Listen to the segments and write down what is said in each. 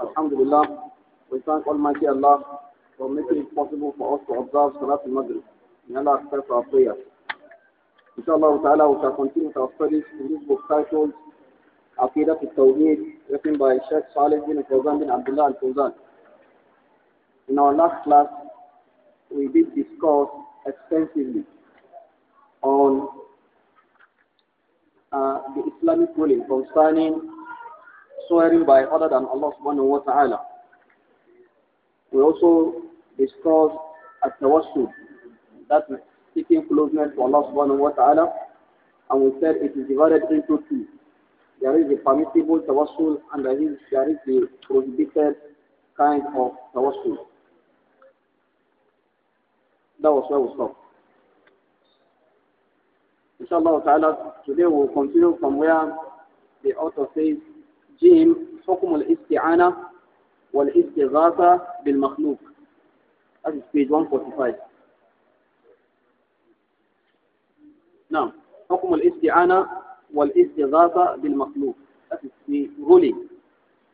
Alhamdulillah, we thank Almighty Allah for making it possible for us to observe Salah al-Maghrib. May Allah accept our prayers. Inshallah ta'ala, we shall continue with our studies in this book titled Aqidat al-Tawheed, written by Sheikh Saleh bin Fawzan bin Abdullah al-Fawzan. In our last class, we did discuss extensively on uh, the Islamic ruling concerning swearing by other than Allah subhanahu wa ta'ala. We also discussed at tawassul, that is seeking closeness to Allah subhanahu wa ta'ala, and we said it is divided into two. There is the permissible tawassul and there is, there is the prohibited kind of tawassul. That was where we stopped. Inshallah ta'ala, today we will continue from where the author says جيم حكم الاستعانة والاستغاثة بالمخلوق That is page 145 نعم حكم الاستعانة والاستغاثة بالمخلوق That is the ruling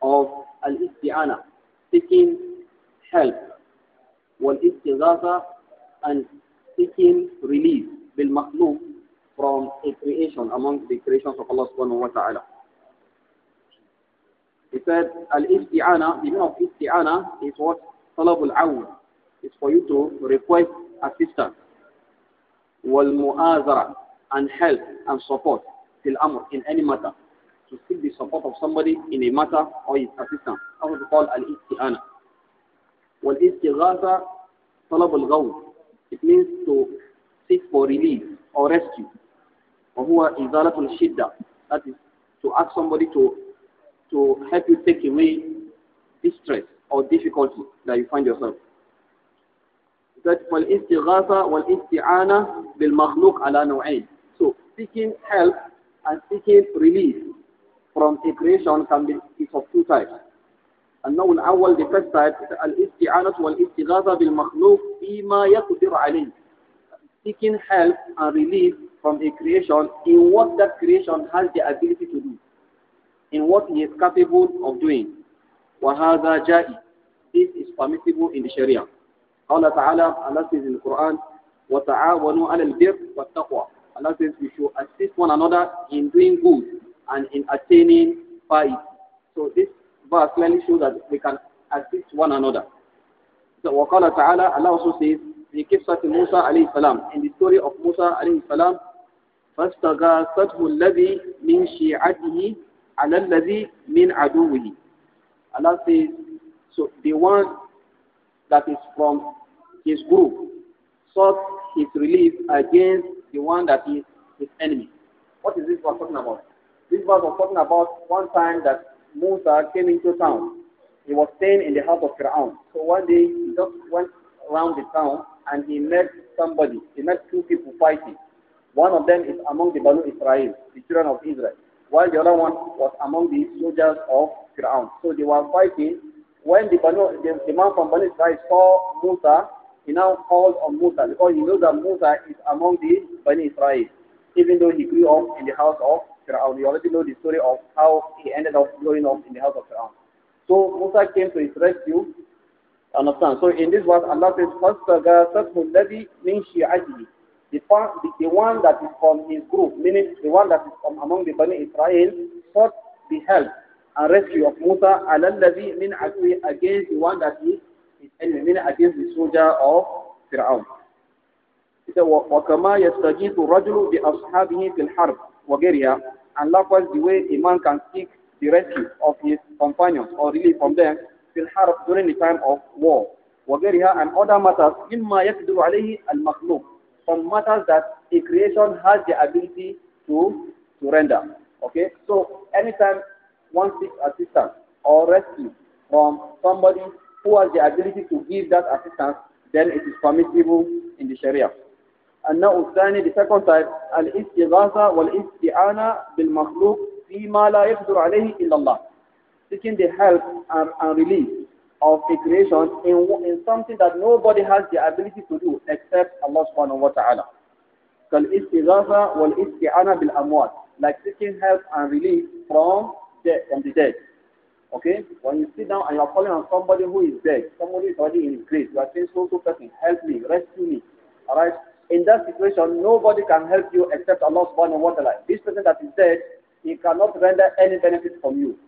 of الاستعانة seeking help والاستغاثة and seeking relief بالمخلوق from a creation among the creations of Allah subhanahu wa ta'ala. He said, Al-Isti'ana, the meaning of Isti'ana is what? Talabul Awn. It's for you to request assistance. Wal-Mu'azara, and help and support. Fil Amr, in any matter. To seek the support of somebody in a matter or his assistance. That was called Al-Isti'ana. Wal-Istighatha, Talabul It means to seek for relief or rescue. وهو إزالة الشدة. That is to ask somebody to to help you take away distress or difficulty that you find yourself. That والاستغاثة والاستعانة بالمخلوق على نوعين. So seeking help and seeking relief from a creation can be is of two types. النوع الأول the first type الاستعانة والاستغاثة بالمخلوق فيما يقدر عليه. Seeking help and relief from a creation in what that creation has the ability to do in what he is capable of doing. وَهَذَا جَائِ This is permissible in the Sharia. Allah Ta'ala, Allah says in the Quran, وَتَعَاوَنُوا عَلَى الْبِرِّ وَالتَّقْوَى Allah says we should assist one another in doing good and in attaining faith. So this verse clearly shows that we can assist one another. So وَقَالَ تَعَالَى Allah also says, في قصة موسى عليه السلام in the story of Musa عليه السلام فاستغاثته الذي من شيعته I do aduwihi. Allah says, so the one that is from his group sought his relief against the one that is his enemy. What is this verse talking about? This verse was talking about one time that Musa came into town. He was staying in the house of Pharaoh. So one day he just went around the town and he met somebody. He met two people fighting. One of them is among the Banu Israel, the children of Israel while the other one was among the soldiers of Fir'aun. So they were fighting. When the, Banu, the, the man from Banu Israel saw Musa, he now called on Musa because he knows that Musa is among the Banu Israel, even though he grew up in the house of Fir'aun. You already know the story of how he ended up growing up in the house of Fir'aun. So Musa came to his rescue. Understand? So in this verse, Allah says, فَاسْتَغَاثَتْهُ الَّذِي مِنْ the, the one that is from his group, meaning the one that is from among the Bani Israel, sought the help and rescue of Musa al-Ladhi min against the one that is his enemy, meaning against the soldier of Fir'aun. He said, وَكَمَا يَسْتَجِيثُ الرَّجُلُ بِأَصْحَابِهِ فِي الْحَرْبِ وَغَيْرِهَا And likewise the way a man can seek the rescue of his companions or relief from them في الحرب during the time of war وغيرها and other matters مما يقدر عليه المخلوق on matters that a creation has the ability to, to render. Okay? So anytime one seeks assistance or rescue from somebody who has the ability to give that assistance, then it is permissible in the Sharia. And الثاني the second type الاستغاثة والاستعانة بالمخلوق فيما لا يقدر عليه إلا illallah. seeking the help and, and relief of creation in, in something that nobody has the ability to do except Allah subhanahu wa ta'ala. كالإستغاثة bil بالأموات like seeking help and relief from death, from the dead. Okay? When you sit down and you're calling on somebody who is dead, somebody is already in his grave, you are saying, so, so person, help me, rescue me. Alright? In that situation, nobody can help you except Allah subhanahu wa ta'ala. This person that is dead, he cannot render any benefit from you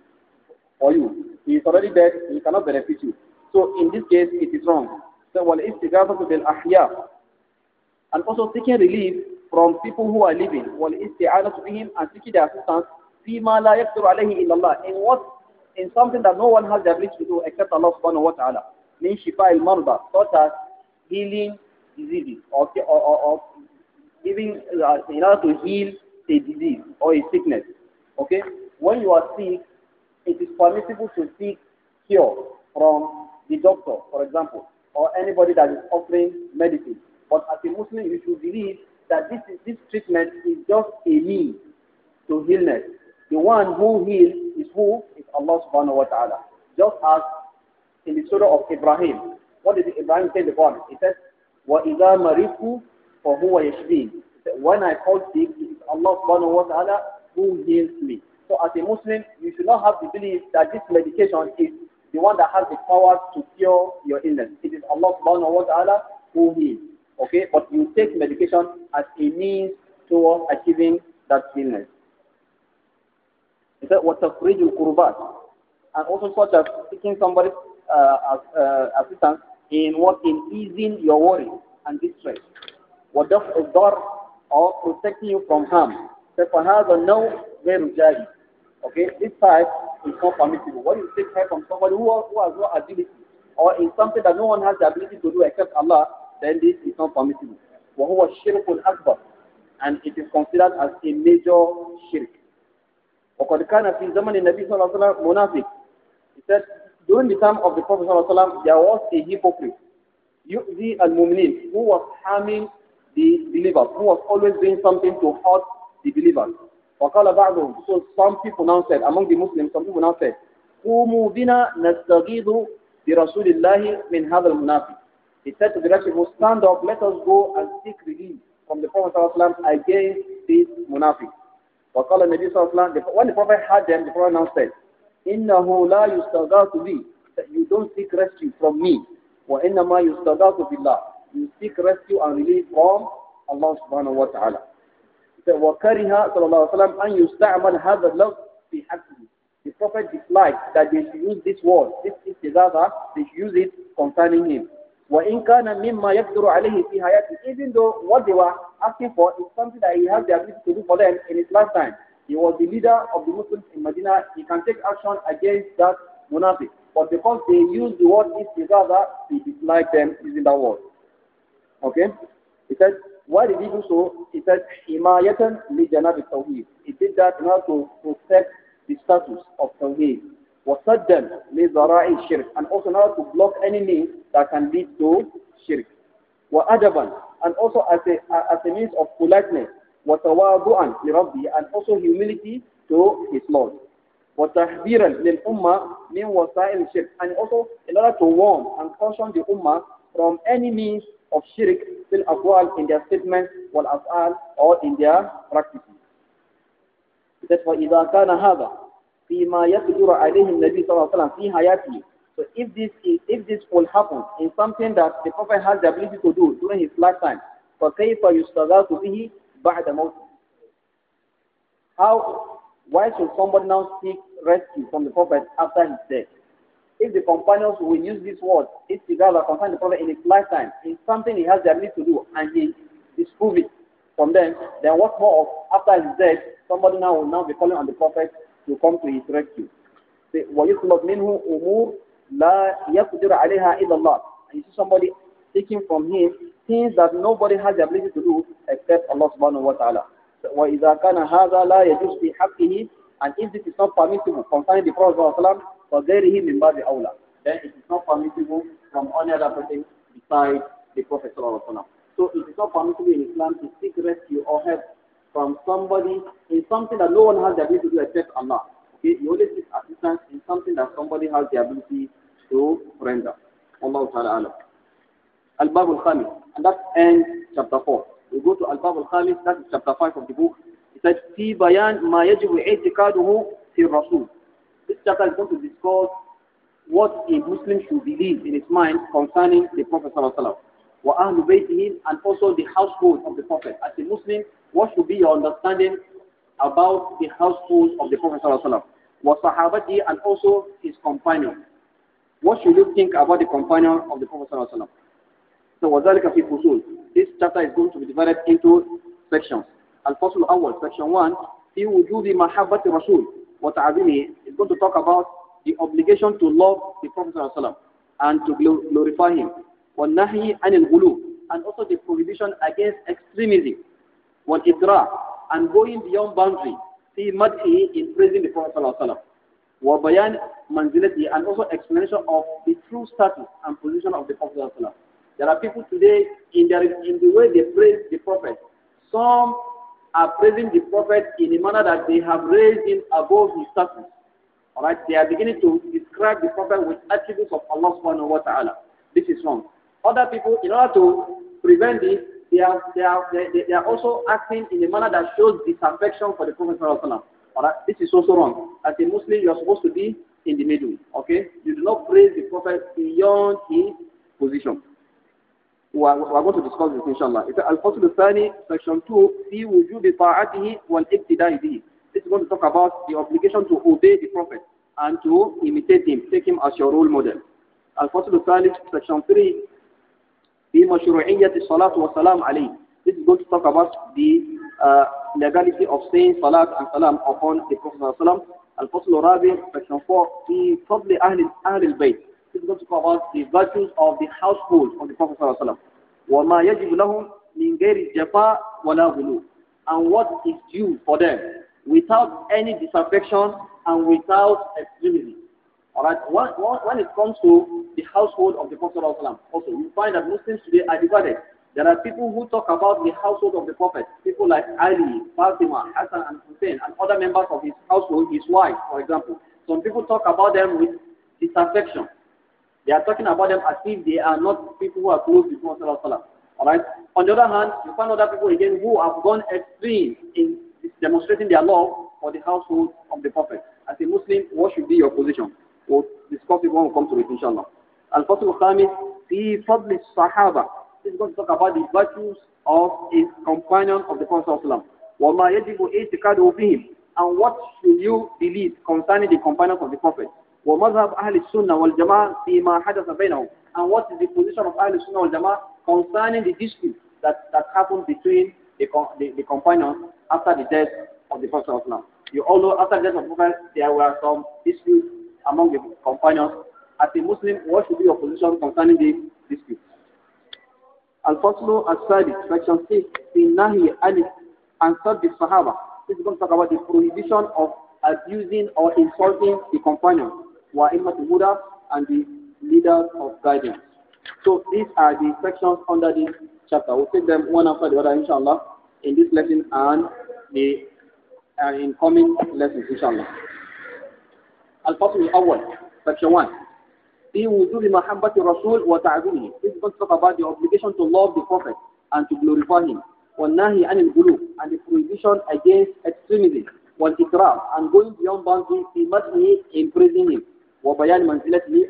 for you. He is already dead, he cannot benefit you. So in this case, it is wrong. So wal istighathatu bil ahya. And also seeking relief from people who are living. Wal isti'anatu bihim and seeking their assistance. Fima la yaqdiru alayhi In what? In something that no one has the ability to do except Allah subhanahu wa ta'ala. means shifa al marda. Such as healing diseases or, or, or, or giving uh, in order to heal a disease or a sickness. Okay? When you are sick, it is permissible to seek cure from the doctor, for example, or anybody that is offering medicine. But as a Muslim, you should believe that this, is, this treatment is just a means to healness. The one who heals is who? Is Allah subhanahu wa ta'ala. Just as in the surah of Ibrahim. What did Ibrahim say before? He says, وَإِذَا مَرِضْتُ فَهُوَ يَشْفِينِ When I fall sick, it is Allah subhanahu wa ta'ala who heals me. So as a Muslim, you should not have the belief that this medication is the one that has the power to cure your illness. It is Allah subhanahu wa ta'ala who heals. Okay? But you take medication as a means towards achieving that illness. He said, وَتَفْرِجُ الْقُرُبَاتِ And also such as seeking somebody's uh, uh, assistance in what in easing your worry and distress. وَدَفْءُ God, Or protecting you from harm. فَهَذَا نَوْ غَيْرُ جَائِزٍ Okay, this type is not permissible. What you take help from somebody who, who has no ability or in something that no one has the ability to do except Allah, then this is not permissible. Who was الشِّرْكُ akbar, And it is considered as a major shirk. وقد كان في زمن النبي صلى الله عليه وسلم منافق. He said, during the time of the Prophet صلى الله عليه وسلم, there was a hypocrite, يؤذي المؤمنين, who was harming the believers, who was always doing something to hurt the believers. وقال بعضهم so some people now said among the Muslims some people now said قوموا بنا نستغيظ برسول الله من هذا المنافق he said to the rest people stand up let us go and seek relief from the Prophet ﷺ against this munafiq وقال النبي صلى الله عليه وسلم when the Prophet heard them the Prophet now said إنه لا يستغاث بي you don't seek rescue from me وإنما يستغاث بالله you seek rescue and relief from Allah subhanahu wa ta'ala said, وَكَرِهَا صلى الله عليه وسلم أَنْ يُسْتَعْمَلْ هَذَا اللَّفْظ فِي حَقِّهِ The Prophet disliked that they should use this word, this istizaza, they should use it concerning him. وَإِنْ كَانَ مِمَّا يَقْدُرُ عَلَيْهِ فِي حَيَاتِهِ Even though what they were asking for is something that he has the ability to do for them in his lifetime. He was the leader of the Muslims in Medina. He can take action against that munafiq. But because they used the word istizaza, he disliked them using that word. Okay? He said, why did he do so? He said, Himayatan li janab tawheed. He did that in order to protect the status of Tawheed. وَصَدًّا لِذَرَاعِ shirk And also in order to block any means that can lead to shirk. وَأَدَبًا And also as a, as a means of politeness. وَتَوَاضُعًا Rabbi, And also humility to his Lord. وَتَحْذِيرًا لِلْأُمَّةِ مِنْ وَسَائِلِ shirk And also in order to warn and caution the Ummah from any means of shirk fil aqwal in their statements wal af'al or in their practices. That's why إذا كان هذا فيما يقدر عليه النبي صلى الله عليه وسلم في حياته so if this is, if this will happen in something that the Prophet has the ability to do during his lifetime, فَكَيْفَ يُسْتَغَاثُ بِهِ بَعْدَ مَوْتِهِ How, why should somebody now seek rescue from the Prophet after his death? if the companions will use this word, if the guy that concerns the Prophet in his lifetime, in something he has the ability to do, and he disproves it from them, then what more of after his death, somebody now will now be calling on the Prophet to come to his rescue. وَيُطْلَبْ مِنْهُ أُمُورٌ لَا يَقْدِرُ عَلَيْهَا إِلَّا اللَّهُ And you see somebody taking from him things that nobody has the ability to do except Allah subhanahu wa ta'ala. وَإِذَا كَانَ هَذَا لَا يَجُزْ فِي حَقِّهِ And if this is not permissible concerning the Prophet for فَغَيْرِهِ مِنْ بَابِ أَوْلَى Then it is not permissible from any other person besides the Prophet ﷺ. So it is not permissible in Islam to seek rescue or help from somebody in something that no one has the ability to do except Allah. Okay, you only seek assistance in something that somebody has the ability to render. Allah Ta'ala Al-Bab al-Khamis. And that ends chapter 4. We go to Al-Bab al-Khamis, that is chapter 5 of the book. It says, في بيان ما يجب اعتقاده في الرسول this chapter is going to discuss what a Muslim should believe in his mind concerning the Prophet وَأَهْلُ بَيْتِهِ and also the household of the Prophet. As a Muslim, what should be your understanding about the household of the Prophet وَصَحَابَتِهِ and also his companion. What should you think about the companion of the Prophet So وَذَلِكَ So, This chapter is going to be divided into sections. Al-Fasl Awal, section 1, do the Ma'habat Rasul. What I وتعظيمه is going to talk about the obligation to love the Prophet ﷺ and to glorify him. and also the prohibition against extremism. والإدراء and going beyond boundary. See مدحه in praising the Prophet ﷺ. وبيان and also explanation of the true status and position of the Prophet ﷺ. There are people today in, their, in the way they praise the Prophet. Some are praising the Prophet in a manner that they have raised him above his status. Alright, they are beginning to describe the Prophet with attributes of Allah subhanahu wa ta'ala. This is wrong. Other people, in order to prevent this, they are, they are, they, they are also acting in a manner that shows disaffection for the Prophet sallallahu Alright, this is also wrong. As a Muslim, you are supposed to be in the middle. Okay, you do not praise the Prophet beyond his position. We are, going to discuss this inshallah. It's Al-Fasl thani section 2, في وجوب طاعته والاقتداء به. This is going to talk about the obligation to obey the Prophet and to imitate him, take him as your role model. Al-Fasl al section 3, في مشروعية الصلاة والسلام عليه. This is going to talk about the uh, legality of saying salat and salam upon the Prophet Al-Fasl al-Rabi, section 4, في فضل أهل, أهل البيت is going to talk about the virtues of the household of the Prophet ﷺ. وَمَا يَجِبُ لَهُمْ مِنْ غَيْرِ جَفَاء وَلَا غُلُو And what is due for them without any disaffection and without extremity. Alright, when, when it comes to the household of the Prophet ﷺ, also you find that Muslims today are divided. There are people who talk about the household of the Prophet, people like Ali, Fatima, Hassan, and Hussein, and other members of his household, his wife, for example. Some people talk about them with disaffection. They are talking about them as if they are not people who are close to Prophet Alright? On the other hand, you find other people again who have gone extreme in demonstrating their love for the household of the Prophet. As a Muslim, what should be your position? We'll discuss it when we come to it, inshallah. Al-Fatul Khamis, the fadli sahaba. He's is going to talk about the virtues of his companion of the Prophet وَمَا يَجِبُ إِتِكَادُ فِيهِمْ And what should you believe concerning the companions of the Prophet? ومذهب أهل السنة والجماعة فيما حدث بينهم and what is the position of al Sunnah wal concerning the dispute that, that happened between the, the, the companions after the death of the Prophet Islam. You all know after the death of the Prophet, there were some disputes among the companions. As a Muslim, what should be your position concerning the dispute? Al-Faslu al-Sadi, section 6, in Nahi Ali, and the Sahaba. This is going to talk about the prohibition of abusing or insulting the companion wa Huda, and the leaders of guidance. So these are the sections under this chapter. We'll take them one after the other, inshallah, in this lesson and the uh, in coming lessons, inshallah. Al-Fasl al-Awwal, section 1. في وجوب محبة الرسول وتعظيمه. This is going to talk about the obligation to love the Prophet and to glorify him. والنهي عن الغلو and the prohibition against extremism. والإكرام and going beyond boundaries في مدحه in praising him. وبيان منزلته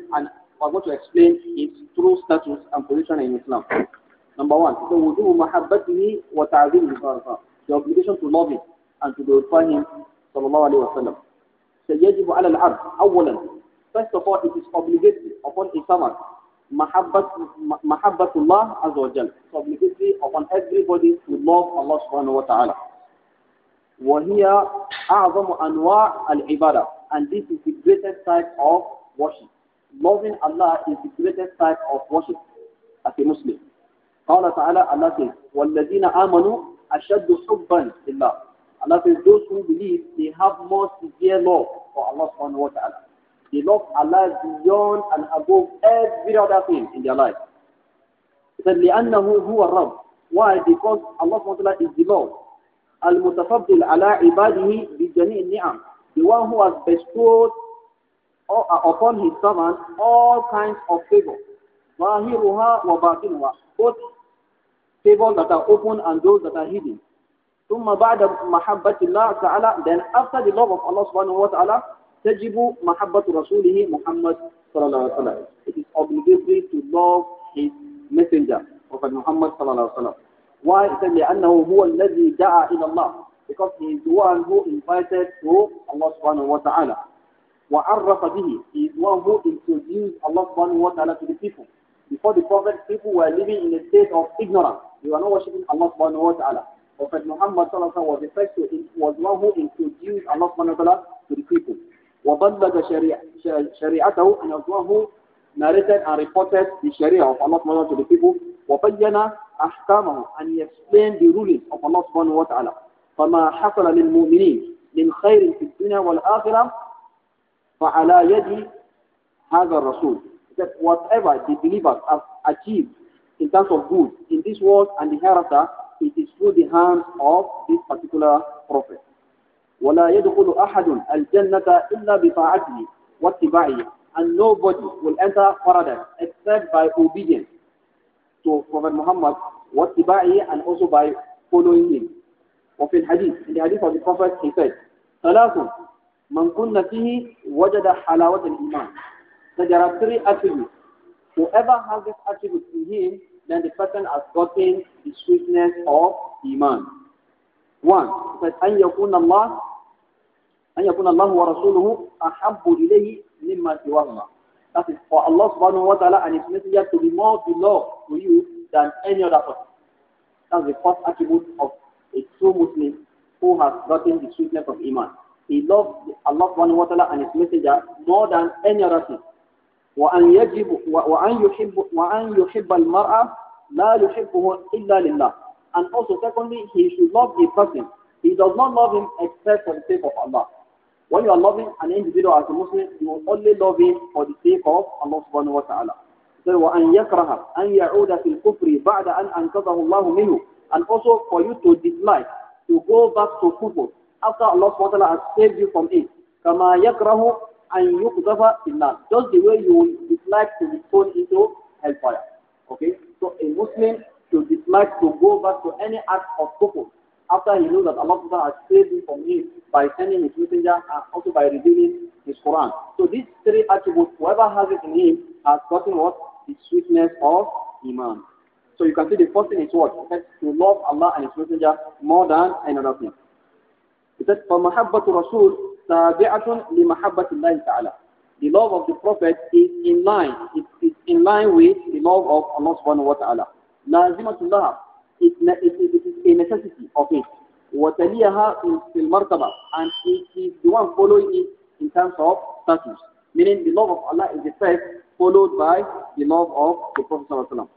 and we are going to explain its true status and position in Islam. Number one, the wudu mahabbatihi wa ta'zim The obligation to love him and to glorify him, sallallahu alayhi wa sallam. So yajibu ala al First of all, it is obligatory upon a servant mahabbatullah azza wa jal. It's obligatory upon everybody to love Allah subhanahu wa ta'ala. وهي أعظم أنواع العبادة and this is the greatest type of worship. Loving Allah is the greatest type of worship as a Muslim. قال تعالى Allah says, وَالَّذِينَ آمَنُوا أَشَدُّ حُبًّا لِلَّهِ Allah says, those who believe, they have more severe love for Allah subhanahu wa ta'ala. They love Allah beyond and above every other thing in their life. He said, لِأَنَّهُ هُوَ الرَّبُّ Why? Because Allah subhanahu wa ta'ala is the Lord. المتفضل على عباده بجميع النعم the one who has bestowed uh, upon his servants all kinds of favor. ظاهرها وباطنها both favors that are open and those that are hidden. then after the love of Allah subhanahu wa ta'ala تجب محبة رسوله محمد صلى الله عليه وسلم it is obligatory to love his messenger Prophet Muhammad صلى الله عليه وسلم why? the one who called to Allah because he is one who invited to Allah subhanahu wa ta'ala. وَعَرَّفَ بِهِ He is one who introduced Allah subhanahu wa ta'ala to the people. Before the Prophet, people were living in a state of ignorance. They were not worshipping Allah subhanahu wa ta'ala. Prophet Muhammad sallallahu was the first to, was one who introduced Allah subhanahu wa ta'ala to the people. وَبَلَّغَ شَرِيعَتَهُ And was the one who narrated and reported the Sharia of Allah subhanahu wa ta'ala to the people. وَبَيَّنَ أَحْكَامَهُ And he explained the rulings of Allah subhanahu wa ta'ala. فما حصل للمؤمنين من خير في الدنيا والآخرة فعلى يد هذا الرسول that whatever the believers have achieved in terms of good in this world and the hereafter it is through the hands of this particular prophet ولا يدخل أحد الجنة إلا بطاعته واتباعه and nobody will enter paradise except by obedience to Prophet Muhammad واتباعه and also by following him وفي الحديث في حديث أبي صفوان حسين ثلاث من كنا فيه وجد حلاوة الإيمان There are three Whoever has this attribute in him, then the person has gotten the sweetness of Iman. One, it says, أن يكون الله أن يكون الله ورسوله أحب إليه مما سواهما. That is for Allah subhanahu wa ta'ala and His Messenger to be more beloved to you than any other person. That's the first attribute of a true Muslim who has gotten the sweetness of Iman. He loves Allah subhanahu wa ta'ala and His Messenger more than any other thing. وأن يجب وأن يحب وأن يحب لا يحبه إلا لله. And also secondly, he should love a person. He does not love him except for the sake of Allah. When you are loving an individual as a Muslim, you will only love him for the sake of Allah subhanahu wa ta'ala. So وأن يكره أن يعود في الكفر بعد أن أنقذه الله منه and also for you to dislike, to go back to kufr after Allah SWT has saved you from it. Kama yakrahu and yuqdafa inna. Just the way you dislike to be thrown into hellfire. Okay? So a Muslim should dislike to go back to any act of kufr after he knows that Allah SWT has saved him from it by sending his messenger and also by revealing his Quran. So these three attributes, whoever has it in him has gotten what? The sweetness of Iman. So you can see the first thing is what? okay? to love Allah and His Messenger more than another thing. It says, The love of the Prophet is in line. It is in line with the love of Allah subhanahu wa ta'ala. لَازِمَةُ اللَّهِ it, it, it is a necessity of it. وَتَلِيَهَا فِي الْمَرْتَبَةِ And it is the one following it in terms of status. Meaning the love of Allah is the first, followed by the love of the Prophet sallallahu alaihi wasallam.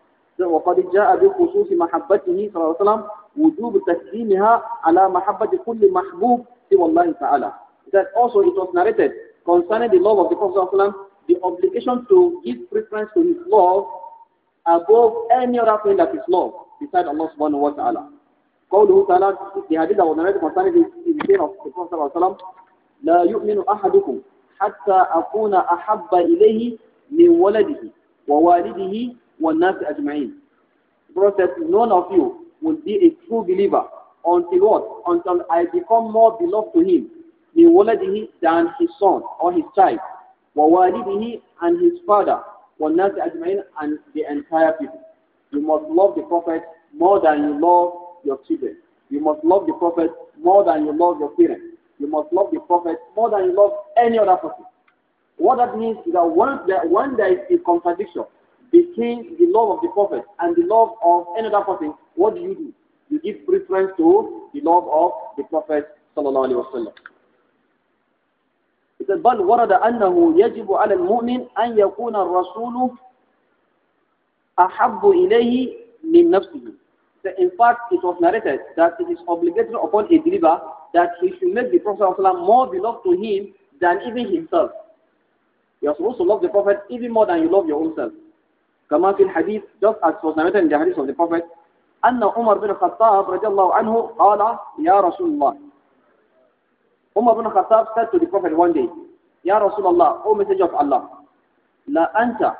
وقد جاء بخصوص محبته صلى الله عليه وسلم وجوب تسليمها على محبة كل محبوب سوى الله تعالى. That also it was narrated concerning the love of the Prophet صلى الله عليه وسلم, the obligation to give preference to his love above any other thing that is love beside Allah subhanahu wa ta'ala. قوله تعالى في حديث أبو نعيم concerning the sin of the Prophet صلى الله عليه وسلم لا يؤمن أحدكم حتى أكون أحب إليه من ولده ووالده وَالنَّاسِ أَجْمَعِينَ The Prophet says, none of you will be a true believer until what? Until I become more beloved to him بِوَلَدِهِ than his son or his child وَوَالِدِهِ and his father وَالنَّاسِ أَجْمَعِينَ and the entire people. You must love the Prophet more than you love your children. You must love the Prophet more than you love your parents. You must love the Prophet more than you love any other person. What that means is that when there, when there is a contradiction between the love of the Prophet and the love of another person, what do you do? You give preference to the love of the Prophet sallallahu alaihi wasallam. It says, بل ورد أنه يجب على المؤمن أن يكون الرسول أحب إليه من نفسه. So in fact, it was narrated that it is obligatory upon a believer that he should make the Prophet more beloved to him than even himself. You are supposed to love the Prophet even more than you love your own self. كما في الحديث just as was narrated in the hadith of the Prophet أن عمر بن الخطاب رضي الله عنه قال يا رسول الله عمر بن الخطاب said to the Prophet one day يا رسول الله O messenger of Allah لا أنت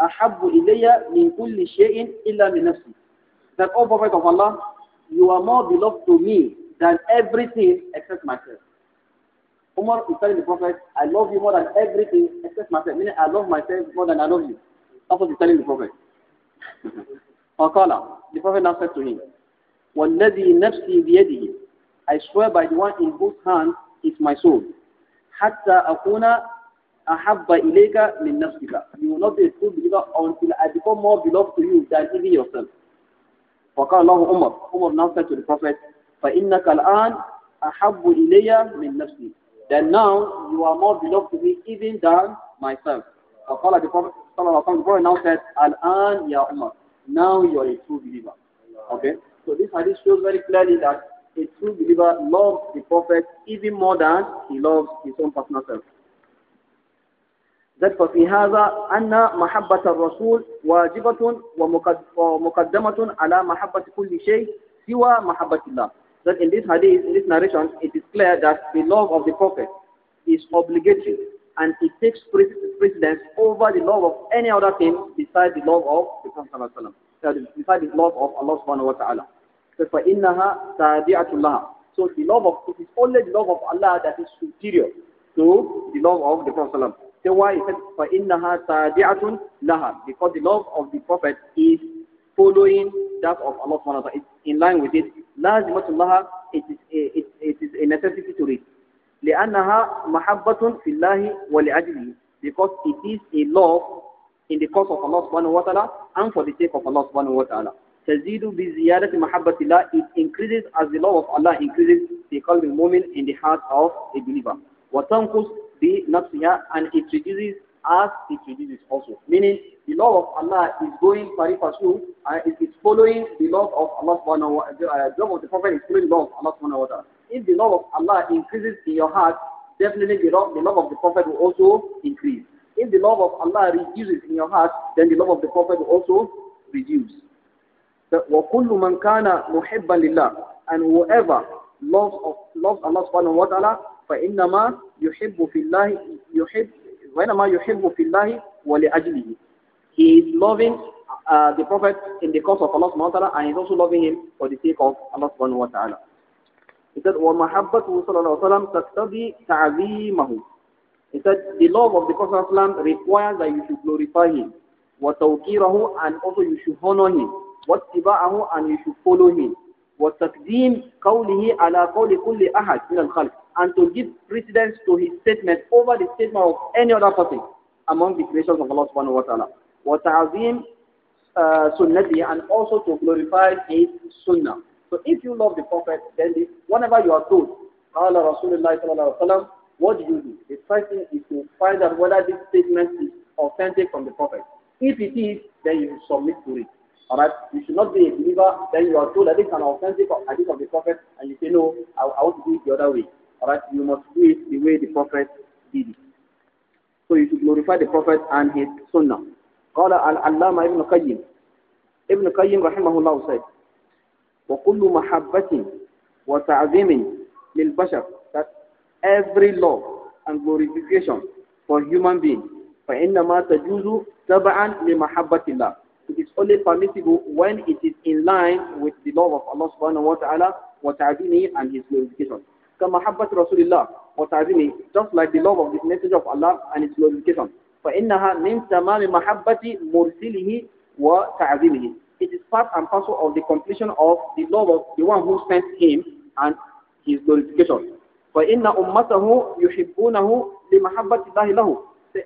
أحب إلي من كل شيء إلا من نفسي that O Prophet of Allah you are more beloved to me than everything except myself Umar is telling the Prophet I love you more than everything except myself meaning I love myself more than I love you That's telling the Prophet. Faqala, the Prophet now said to him, وَالَّذِي نَفْسِي بِيَدِهِ I swear by the one in whose hand is my soul. حَتَّى أَكُونَ أَحَبَّ إِلَيْكَ مِنْ نَفْسِكَ You will not be a true believer until I become more beloved to you than even yourself. فقال له عمر عمر now said to the Prophet, فَإِنَّكَ الْآنَ أَحَبُّ إِلَيَّ مِنْ نَفْسِي Then now you are more beloved to me even than myself. فقال the Prophet the Prophet now said, Al-an ya now you are a true believer. Okay? So this hadith shows very clearly that a true believer loves the Prophet even more than he loves his own personal self. ذلك في هذا أن محبة الرسول واجبة ومقدمة على محبة كل شيء سوى محبة الله. That in this hadith, in this narration, it is clear that the love of the Prophet is obligatory and it takes precedence over the love of any other thing besides the love of the Prophet ﷺ, besides the love of Allah subhanahu wa ta'ala. So فَإِنَّهَا تَابِعَةُ اللَّهِ So the love of, it is only the love of Allah that is superior to the love of the Prophet ﷺ. So why he said فَإِنَّهَا تَابِعَةٌ لَهَا Because the love of the Prophet is following that of Allah subhanahu wa ta'ala. It's in line with it. لَازِمَةُ اللَّهَ it is, a, it, it is a necessity to read. لأنها محبة في الله ولأجله because it is a love in the cause of Allah subhanahu wa ta'ala and for the sake of Allah subhanahu wa ta'ala. تزيد بزيادة محبة الله it increases as the love of Allah increases the qalb al in the heart of a believer. وتنقص بنفسها and it reduces as it reduces also. Meaning the love of Allah is going pari passu and uh, it is following the love of Allah subhanahu wa uh, ta'ala. Uh, the love of the Prophet is following the love of Allah subhanahu wa ta'ala if the love of Allah increases in your heart, definitely the love, the love of the Prophet will also increase. If the love of Allah reduces in your heart, then the love of the Prophet will also reduce. وَكُلُّ مَنْ كَانَ مُحِبًّا لِلَّهِ And whoever loves, of, loves Allah subhanahu wa ta'ala, فَإِنَّمَا يُحِبُّ فِي اللَّهِ يُحِبُّ وَإِنَّمَا يُحِبُّ فِي اللَّهِ وَلِأَجْلِهِ He is loving uh, the Prophet in the cause of Allah subhanahu wa ta'ala and is also loving him for the sake of Allah subhanahu wa ta'ala. He said, وَمَحَبَّتُهُ صلى الله عليه وسلم تَسْتَبِي تَعْظِيمَهُ He said, the love of the Prophet ﷺ requires that you should glorify him. وَتَوْكِيرَهُ And also you should honor him. وَاتِّبَاعَهُ And you should follow him. وَتَقْدِيمْ قَوْلِهِ عَلى قَوْلِ كُلِّ أَحَدٍ مِنَ الْخَلْقِ And to give precedence to his statement over the statement of any other person among the creations of Allah subhanahu wa ta'ala. وَتَعْظِيمْ uh, sunnah and also to glorify his sunnah. So if you love the Prophet, then this, whenever you are told, Allah Rasulullah sallallahu alaihi wasallam, what do you do? The first thing is to find out whether this statement is authentic from the Prophet. If it is, then you submit to it. Alright? You should not be a believer, then you are told that it's an authentic hadith of the Prophet, and you say, no, I, I want to do it the other way. Alright? You must do it the way the Prophet did it. So you should glorify the Prophet and his Sunnah. قال العلامة ابن قيم ابن قيم رحمه الله said وكل محبة وتعظيم للبشر that every love and glorification for human being فإنما تجوز تبعا لمحبة الله it is only permissible when it is in line with the love of Allah subhanahu wa ta'ala and his glorification. كمحبة رسول الله وتعظيمه just like the love of the message of Allah and his glorification. فإنها من تمام محبة مرسله وتعظيمه it is part and parcel of the completion of the love of the one who sent him and his glorification. فَإِنَّ أُمَّتَهُ يُحِبُّونَهُ لِمَحَبَّةِ اللَّهِ لَهُ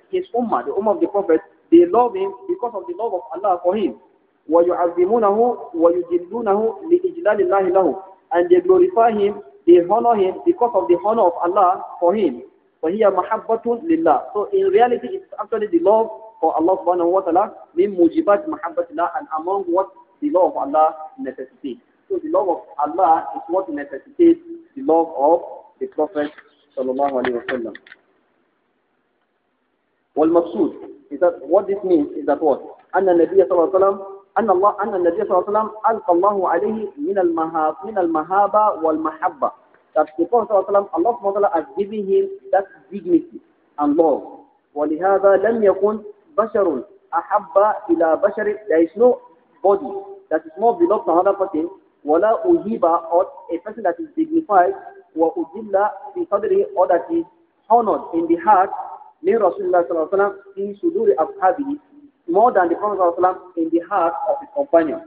His ummah, the ummah of the Prophet, they love him because of the love of Allah for him. وَيُعَظِّمُونَهُ وَيُجِلُّونَهِ لِإِجْلَالِ اللَّهِ لَهُ And they glorify him, they honor him because of the honor of Allah for him. فَهِيَ مَحَبَّةٌ لِلَّهِ So in reality, it's actually the love for Allah subhanahu wa ta'ala min mujibat mahabbatillah and among what the law of Allah necessitates. So the love of Allah is what necessitates the love of the Prophet sallallahu alayhi wa sallam. والمقصود is that what this means is that what أن النبي صلى الله عليه وسلم أن الله أن النبي صلى الله عليه وسلم ألقى الله عليه من المهاب من المهابة والمحبة that the Prophet صلى الله عليه وسلم Allah subhanahu wa ta'ala has given him that dignity and love ولهذا لم يكن There is no body that is more beloved than another person. ولا uhiba or a person that is dignified. Wa في صدره or that is honored in the heart. Min Rasulullah الله alaihi wasallam fi suduri More than the Prophet in the heart of his companion.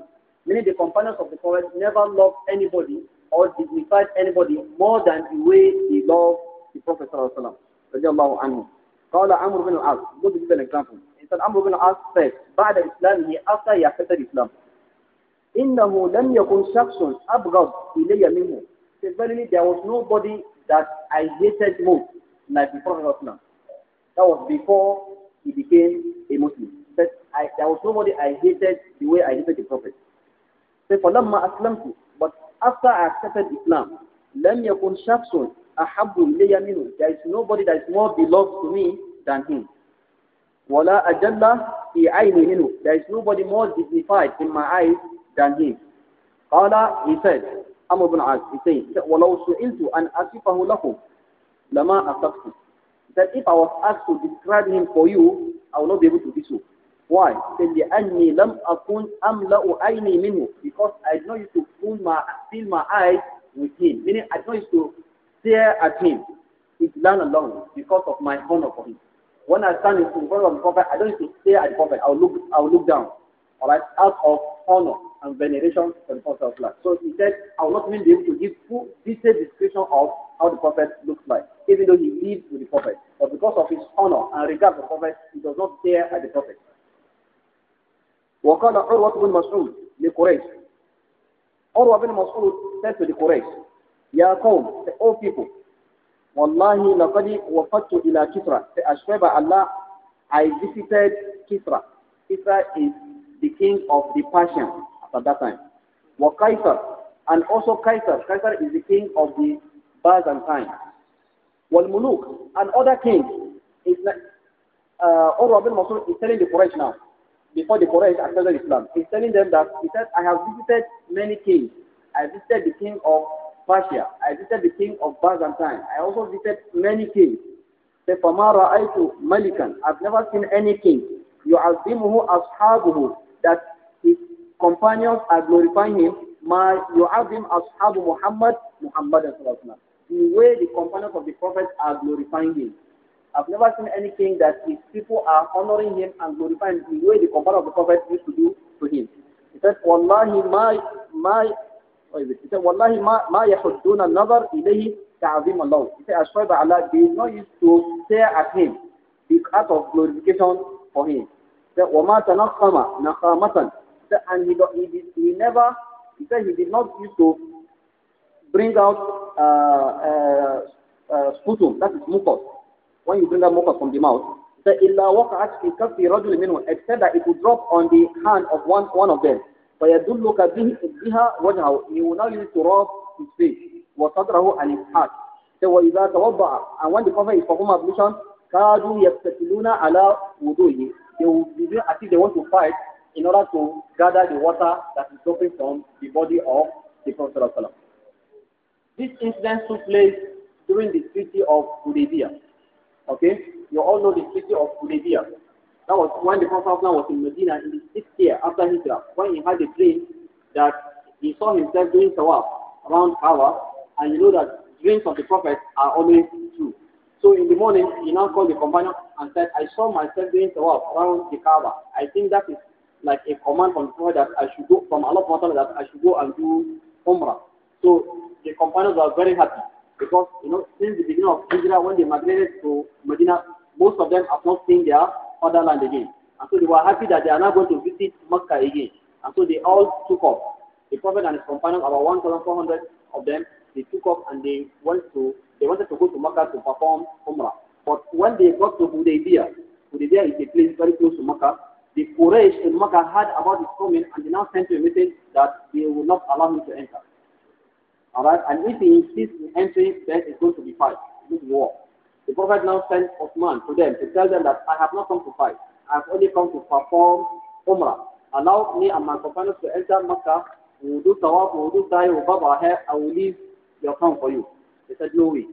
Meaning the companions of the Prophet never loved anybody or dignified anybody more than the way he loved the Prophet الله عليه وسلم. رضي الله عنه قال عمرو بن العاص good example said going to ask first. بعد إسلامه after he accepted Islam, إنه لم يكن شخص أبغض إلي منه. Said, verily there was nobody that I hated more like the Prophet Islam. That was before he became a Muslim. I, there was nobody I hated the way I hated the Prophet. Said, فلما أسلمت But after I accepted Islam, لم يكن شخص أحب إلي منه. There is nobody that is more beloved to me than him. وَلَا أَجَلَّ فِي عَيْنِ مِنْهُ There is nobody more dignified in my eyes than him. قال he said Amr ibn Az he said وَلَوْ سُئِلْتُ أَنْ أَصِفَهُ لَكُمْ لَمَا أَصَفْتُ That if I was asked to describe him for you, I will not be able to do so. Why? لأني لم أكن أملأ عيني منه because I did not used to fill my, fill my eyes with him. Meaning I did not used to stare at him. It's learned alone because of my honor for him. When I stand in front of the prophet, I don't need to stare at the prophet. I'll look, I'll look down. All right, out of honor and veneration for the prophet. So he said, I will not even be able to give full detailed description of how the prophet looks like, even though he lives with the prophet. But because of his honor and regard for the prophet, he does not stare at the prophet. وقال عروة بن مسعود لقريش عروة بن مسعود said to the Quraysh, يا قوم, the old people, Wallahi laqad wafatu ila Kisra. Say, I swear by Allah, I visited Kisra. Kisra is the king of the Persians at that time. Wa Kaisar, and also Kaisar. Kaisar is the king of the Byzantine. Wal Muluk, and other kings. Is, uh, Umar bin Masud is telling the Quraysh now, before the Quraysh accepted Islam, he's telling them that, he said, I have visited many kings. I visited the king of Persia. I visited the king of Byzantine. I also visited many kings. Say, فَمَا Malikan. مَلِكًا I've never seen any king. يُعَظِّمُهُ أَصْحَابُهُ That his companions are glorifying him. My, have يُعَظِّمْ ashabu Muhammad Muhammad The way the companions of the Prophet are glorifying him. I've never seen any king that his people are honoring him and glorifying him the way the companions of the Prophet used to do to him. He says, he my my." What is it? He said, Wallahi ma, ma yahudduna nazar ilayhi ta'zim Allah. He said, Ashfar Allah, there is no use to stare at him because of glorification for him. He said, وَمَا تَنَقَّمَ نَقَامَةً And he, he, did, he never, he said he did not used to bring out uh, uh, uh, sputum, that is mucus. When you bring out mucus from the mouth, he said, إِلَّا وَقَعَتْ فِي كَفِّ رَجُلٍ مِنْهُ Except that it would drop on the hand of one, one of them. فيدلك به بها وجهه يناوي التراب his face وصدره and his heart so وإذا توضأ and when the prophet is performing ablution كادوا يفتتلون على وضوئه they will be doing as if they want to fight in order to gather the water that is dropping from the body of the Prophet This incident took place during the Treaty of Hudaybiyah. Okay, you all know the Treaty of Hudaybiyah. That was when the Prophet was in Medina in the sixth year after Hijrah, when he had a dream that he saw himself doing tawaf around Kaaba, and you know that dreams of the Prophet are always true. So in the morning, he now called the companion and said, I saw myself doing tawaf around the Kaaba. I think that is like a command from the Prophet that I should go, from Allah that I should go and do Umrah. So the companions were very happy because, you know, since the beginning of Hijrah, when they migrated to Medina, most of them have not seen their other land again. And so they were happy that they are now going to visit Mecca again. And so they all took off. The Prophet and his companions, about 1,400 of them, they took off and they went to they wanted to go to Mecca to perform Umrah. But when they got to Hudaybiyah, Hudaybiyah is a place very close to Mecca, the Quraysh in Mecca heard about his coming and they now sent him a message that they will not allow him to enter. Alright, and if he insists in entering, then it's going to be fight, it's going to be war. The Prophet now sent Osman to them to tell them that I have not come to fight. I have only come to perform Umrah. Allow me and my companions to enter Makkah. We will do tawaf, we will do sa'i, we will our hair, I will leave your town for you. They said, no way,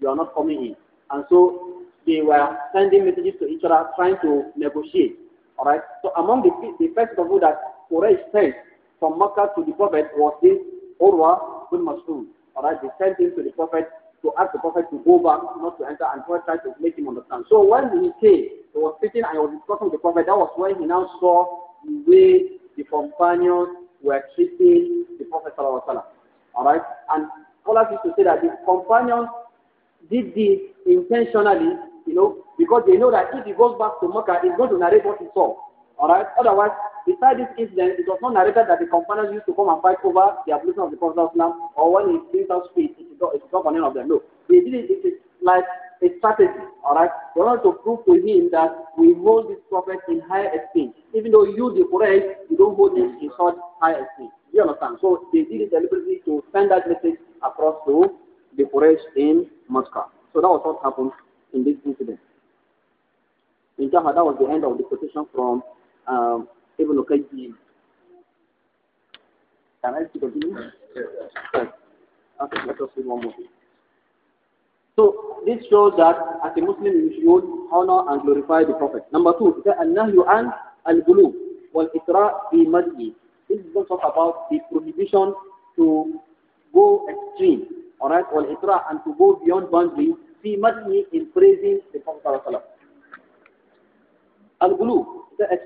you are not coming in. And so they were sending messages to each other, trying to negotiate. All right. So among the, the first people that Quraysh sent from Makkah to the Prophet was this Urwa bin Mas'ud. All right. They sent him to the Prophet to ask the Prophet to go back, not to enter, and Prophet tried to make him understand. So when he came, he was sitting and he was discussing with the Prophet. That was when he now saw the way the companions were treating the Prophet. Alright? And scholars used to say that the companions did this intentionally, you know, because they know that if he goes back to Mecca, he's going to narrate what he saw. Alright? Otherwise, Besides this incident, it was not narrated that the companions used to come and fight over the abolition of the Prophet Islam or when he brings out speed, it is not, on any of them. No. They did it, it is like a strategy, alright? They wanted to prove to him that we hold this prophet in high esteem. Even though you, the Quraysh, you don't hold him in such high esteem. You understand? So they did it deliberately to send that message across to the Quraysh in Moscow. So that was what happened in this incident. In Jaha, that was the end of the quotation from um, can I Okay, let us one more. So this shows that as a Muslim you should honor and glorify the Prophet. Number two, al عن wal Itra في Madhi. This is also about the prohibition to go extreme, all Itra and to go beyond boundaries في Madhi in praising the Prophet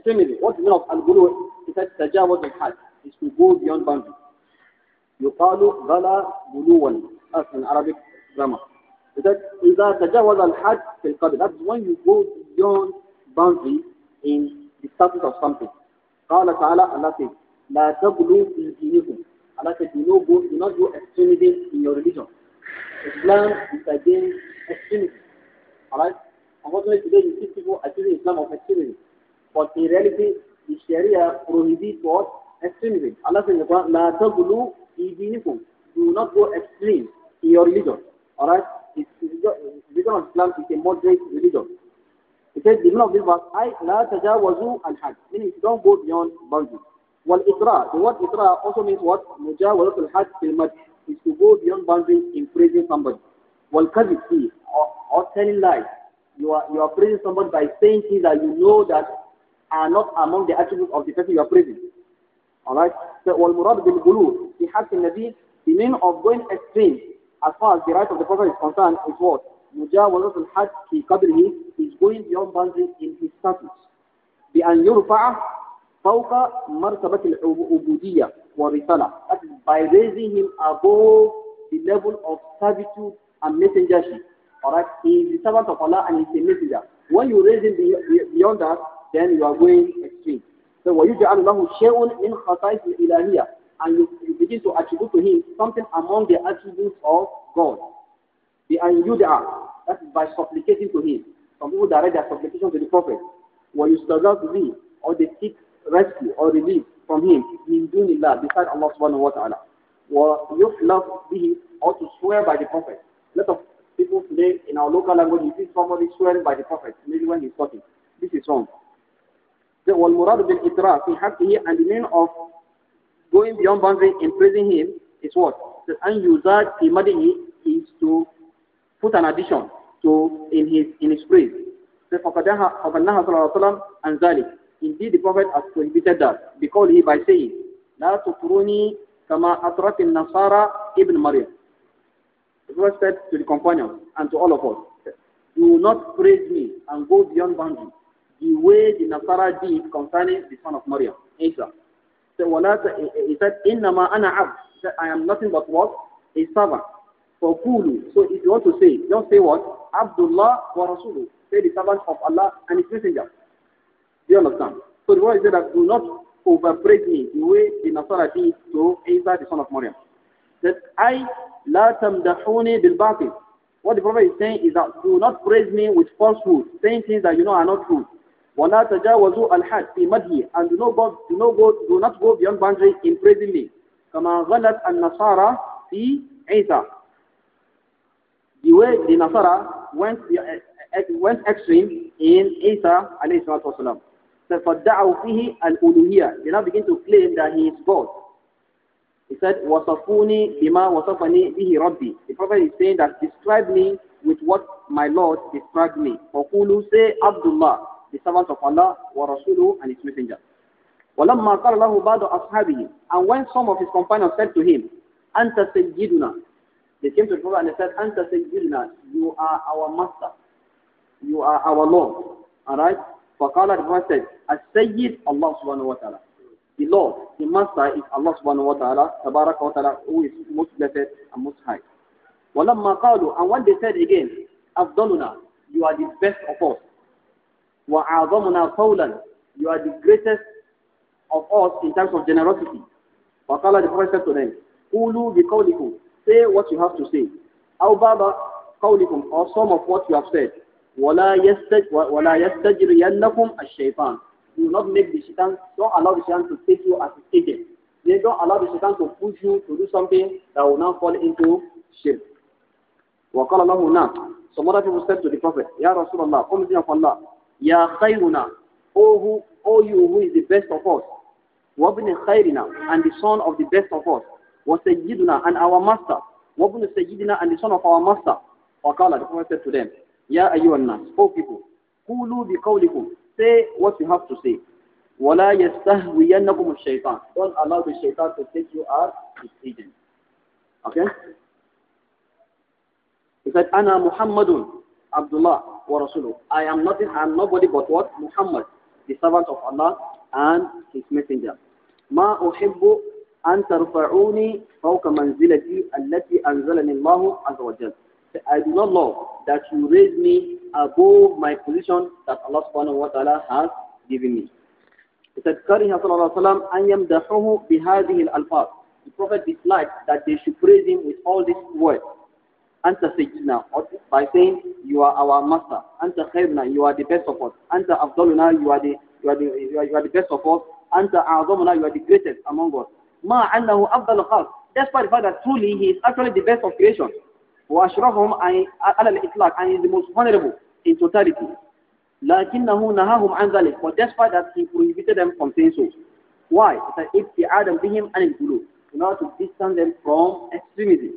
extremity. What is meaning of al-gulu? It says tajawaz al-had. is to go beyond boundary. يقال غلا غلوا as in Arabic grammar. It that إذا تجاوز الحد في القدر. That's when you go beyond boundary in the status of something. قال تعالى Allah says لا تغلوا في دينكم. Allah said, you know, go, do not go extremism in your religion. Islam is against extremism. Alright? Unfortunately today you see people accusing Islam of extremism. But in reality, the Sharia prohibits what? Extremism. Allah says in the Quran, La taglu Do not go extreme in your religion. Alright? religion of Islam is a moderate religion. It says, the meaning of this verse, I la tajawazu al had meaning don't go beyond boundaries. Well, itra, the word itra also means what? Mujawazat al had fil is to go beyond boundaries in praising somebody. Well, kadhib, see, or, or telling lies. You are, you are praising somebody by saying things that you know that are not among the attributes of the person you are praising. Alright? So, وَالْمُرَادْ بِالْغُلُو He has in the meaning of going extreme as far as the right of the Prophet is concerned is what? مُجَاوَزَةُ الْحَدْ قَدْرِهِ is going beyond boundaries in his status. بأن يرفع فوق مرتبة العبودية والرسالة. That is by raising him above the level of servitude and messengership. Alright, he is the servant of Allah and he is a messenger. When you raise him beyond that, then you are going extreme. So وَيُجْعَلُ لَهُ شَيْءٌ مِنْ خَصَائِصِ الْإِلَهِيَّةِ And you, you, begin to attribute to him something among the attributes of God. The أَنْ That is by supplicating to him. Some people direct their supplication to the Prophet. you struggle to بِهِ Or they seek rescue or relief from him. in doing اللَّهِ beside Allah subhanahu wa ta'ala. you love بِهِ Or to swear by the Prophet. Let us people today in our local language, you see somebody swearing by the Prophet, maybe when he's talking. This is wrong. والمراد بالإطراء في حقه and the meaning of going beyond boundary imprisoning him is what? The unyuzad في مدعه is to put an addition to in his in his praise. So Prophet صلى الله Indeed the Prophet has prohibited that because he by saying لا تطروني كما atratin النصارى ابن مريم. The Prophet said to the companions and to all of us, do not praise me and go beyond boundaries the way the Nasara did concerning the son of Maryam, Isa. So wala, he said, Innama ana ab." He said, I am nothing but what? A servant. For Kulu. So if you want to say, just say what? Abdullah wa Rasulu. Say the servant of Allah and his messenger. Do you understand? So the word is that do not overpraise me the way the Nasara did to Isa, the son of Maryam. That I la tamdahuni bil bilbati." What the Prophet is saying is that do not praise me with falsehood, saying things that you know are not true. وَلَا تَجَاوَزُوا الْحَدْ فِي مَدْهِ And do not go, do not go, do not go beyond boundary in praising me. كَمَا غَلَتْ النَّصَارَى فِي عِيسَى The way the Nasara went, uh, uh, went extreme in Isa alayhi salatu wasalam. فَدَّعَوْا فِيهِ الْأُلُوهِيَةِ They now begin to claim that he is God. He said, وَصَفُونِي بِمَا وَصَفَنِي بِهِ رَبِّي The Prophet is saying that describe me with what my Lord described me. وَقُولُوا say Abdullah the servant of Allah, ورسوله, and his messenger. وَلَمَّا قَالَ لَهُ بَعْضُ أَصْحَابِهِ And when some of his companions said to him, أَنْتَ سَيِّدُنَا They came to the Prophet and they said, أَنْتَ سَيِّدُنَا You are our master. You are our Lord. Alright? فَقَالَ the Prophet said, السيد Allah subhanahu wa The Lord, the Master is Allah سبحانه وتعالى تبارك وتعالى who is most blessed and most high. وَلَمَّا قَالُوا And when they said again, أَفْضَلُنَا You are the best of us. وَأَعْظَمُنَا قَوْلًا You are the greatest of us in terms of generosity. فَقَالَ the Prophet said to them, قُولُوا بِقَوْلِكُمْ Say what you have to say. أَوْ بَابَ قَوْلِكُمْ Or some of what you have said. وَلَا يَسْتَجْرِيَنَّكُمْ الشَّيْطَانِ Do not make the shaitan, don't allow the shaitan to take you as a agent. They don't allow the shaitan to push you to do something that will now fall into shirk. وَقَالَ لَهُ نَعْمٍ Some other people said to the Prophet, Ya Rasulullah, O Messenger of Allah, Ya khayruna, O, who, o you who is the best of us. wabun khayrina, and the son of the best of us. Wa and our master. Wabni sayyidina, and the son of our master. Waqala, the Prophet said to them, Ya ayyuhan nas, O people, Kulu biqawlikum, say what you have to say. وَلَا يَسْتَهْوِيَنَّكُمُ الشَّيْطَانِ Don't allow the shaitan to take you as his agent. Okay? He said, أَنَا مُحَمَّدٌ Abdullah wa Rasuluh. I am nothing, I am nobody but what? Muhammad, the servant of Allah and his messenger. ما أحب أن ترفعوني فوق منزلتي التي أنزلني الله عز وجل. I do not love that you raise me above my position that Allah subhanahu wa ta'ala has given me. He said, كره صلى الله عليه وسلم أن يمدحوه بهذه الألفاظ. The Prophet disliked that they should praise him with all these words. Anta Sayyidina, by saying, you are our master. Anta Khairna, you are the best of us. Anta Abduluna, you are the, you are the, you are, you are the best of us. Anta A'zamuna, you are the greatest among us. Ma annahu afdal khalq. Despite the fact that truly he is actually the best of creation. Wa ashrafahum ala al-itlaq, and he is the most vulnerable in totality. لكنه نهاهم عن ذلك but despite that he prohibited them from saying so why it's an ibti'adan bihim and القلوب in order to distance them from extremism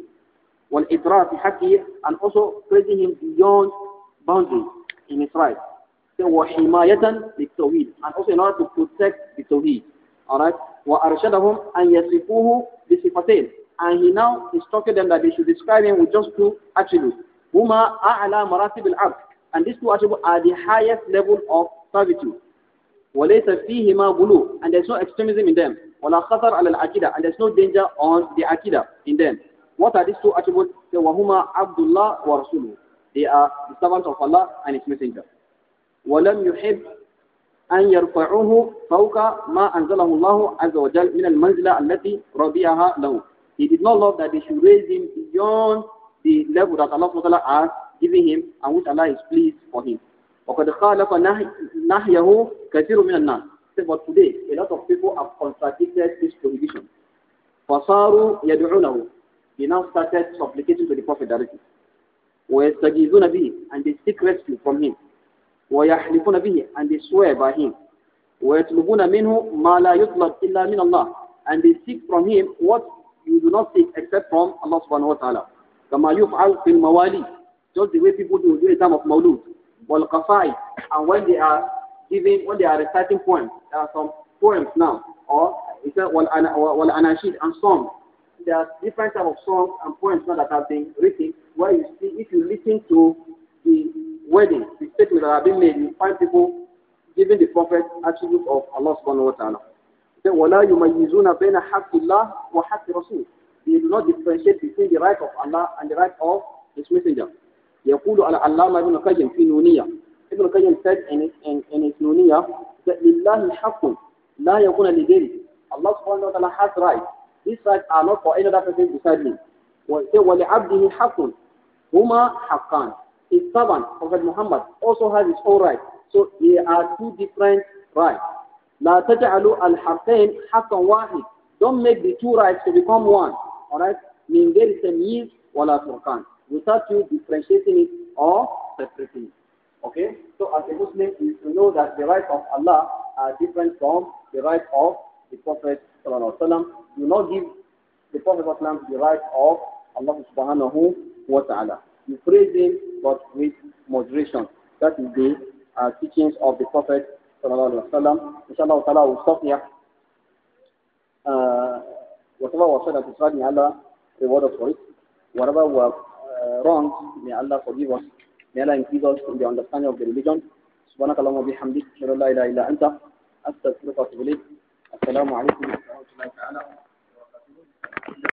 والإدراك في حقه and also praising him beyond boundaries in his right. So, وحماية للتوحيد and also in order to protect the Alright? وأرشدهم أن يصفوه بصفتين and he now instructed them that they should describe him with just two attributes. هما أعلى مراتب العبد and these two attributes are the highest level of servitude. وليس فيهما بلوغ and there's no extremism in them. ولا خطر على العقيدة and there's no danger on the عقيدة in them. What are these two attributes? Say, wahuma abdullah wa وَرَسُولُهُ They are the servants of Allah and His Messenger. وَلَمْ يُحِبْ أن يرفعوه فوق ما أنزله الله عز وجل من المنزلة التي رضيها له. He did not love that they should raise him beyond the level that Allah SWT has given him and which Allah is pleased for him. وقد خالف نهيه كثير من الناس. But today, a lot of people have contradicted this prohibition. فصاروا يدعونه. They now started supplicating to the Prophet directly. وَيَسْتَجِيزُونَ بِهِ And they seek rescue from him. وَيَحْلِفُونَ بِهِ And they swear by him. وَيَطْلُبُونَ مِنْهُ مَا لَا يُطْلَبْ إِلَّا مِنَ اللَّهِ And they seek from him what you do not seek except from Allah subhanahu wa ta'ala. كَمَا يُفْعَلْ فِي الْمَوَالِي Just the way people do during the time of Mawlud. وَالْقَفَائِ And when they are giving, when they are reciting poems, there are some poems now, or it says, وَالْأَنَاشِيد and songs there are different type of songs and poems now that have been written where you see if you listen to the wedding, the statement that have been made, you find people giving the prophet attributes of Allah subhanahu wa ta'ala. They وَلَا يُمَيِّزُونَ بَيْنَ حَقِّ اللَّهِ وَحَقِّ رَسُولِ They do not differentiate between the right of Allah and the right of His Messenger. يقول العلامة ابن القيم في نونية ابن القيم said in, in, in his نونية that لله حق لا يكون لغيره Allah subhanahu wa ta'ala has right these rights are not for any other person beside him. وَلِعَبْدِهِ hakun, هُمَا حَقًّان His servant, Prophet Muhammad, also has his own right. So there are two different rights. لَا تَجْعَلُوا الْحَقَّيْنِ حَقًّا وَاحِدٍ Don't make the two rights to become one. Alright? there is غَيْرِ تَمْيِيزٍ وَلَا فُرْقَانٍ Without you differentiating it or separating it. Okay? So as a Muslim, you know that the rights of Allah are different from the rights of the Prophet وسلم, do not give the Prophet وسلم, the right of Allah subhanahu wa ta'ala. You praise him but with moderation. That is the uh, teachings of the Prophet sallallahu Inshallah ta'ala will stop here. Uh, whatever was said at this time, may Allah reward us for it. Whatever was uh, wrong, may Allah forgive us. May Allah increase us in the understanding of the religion. سبحانك اللهم وبحمدك اشهد ان لا اله الا انت استغفرك واتوب اليك السلام عليكم ورحمة الله تعالى